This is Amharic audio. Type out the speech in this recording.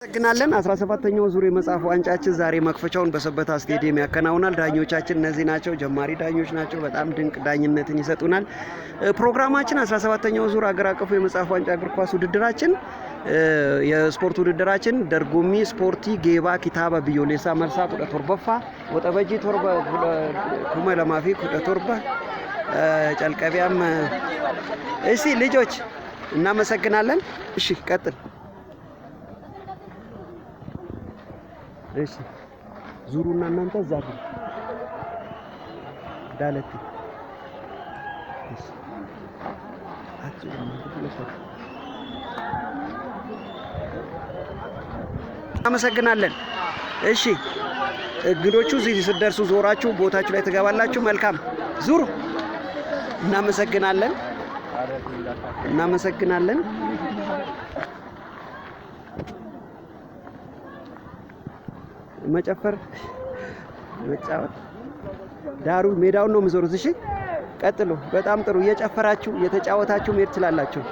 አመሰግናለን። 17ኛው ዙር የመጽሐፍ ዋንጫችን ዛሬ መክፈቻውን በሰበታ ስቴዲየም ያከናውናል። ዳኞቻችን እነዚህ ናቸው፣ ጀማሪ ዳኞች ናቸው። በጣም ድንቅ ዳኝነትን ይሰጡናል። ፕሮግራማችን 17ኛው ዙር አገር አቀፉ የመጽሐፍ ዋንጫ እግር ኳስ ውድድራችን የስፖርት ውድድራችን ደርጎሚ ስፖርቲ ጌባ ኪታባ ቢዮሌሳ መልሳ ቁደ ቶርበፋ ወጠበጂ ቶርበ ኩመ ለማፊ ቁደ ቶርበ ጨልቀቢያም እሺ ልጆች እናመሰግናለን። እሺ ቀጥል እሺ ዙሩና እናንተ እዛ ዳለቲ እሺ አመሰግናለን። እሺ እንግዶቹ እዚህ ስትደርሱ ዞራችሁ ቦታችሁ ላይ ትገባላችሁ። መልካም ዙሩ። እናመሰግናለን። እናመሰግናለን። መጨፈር፣ መጫወት። ዳሩ ሜዳውን ነው የምዞሩት። እሺ፣ ቀጥሉ። በጣም ጥሩ። እየጨፈራችሁ እየተጫወታችሁ መሄድ ትችላላችሁ።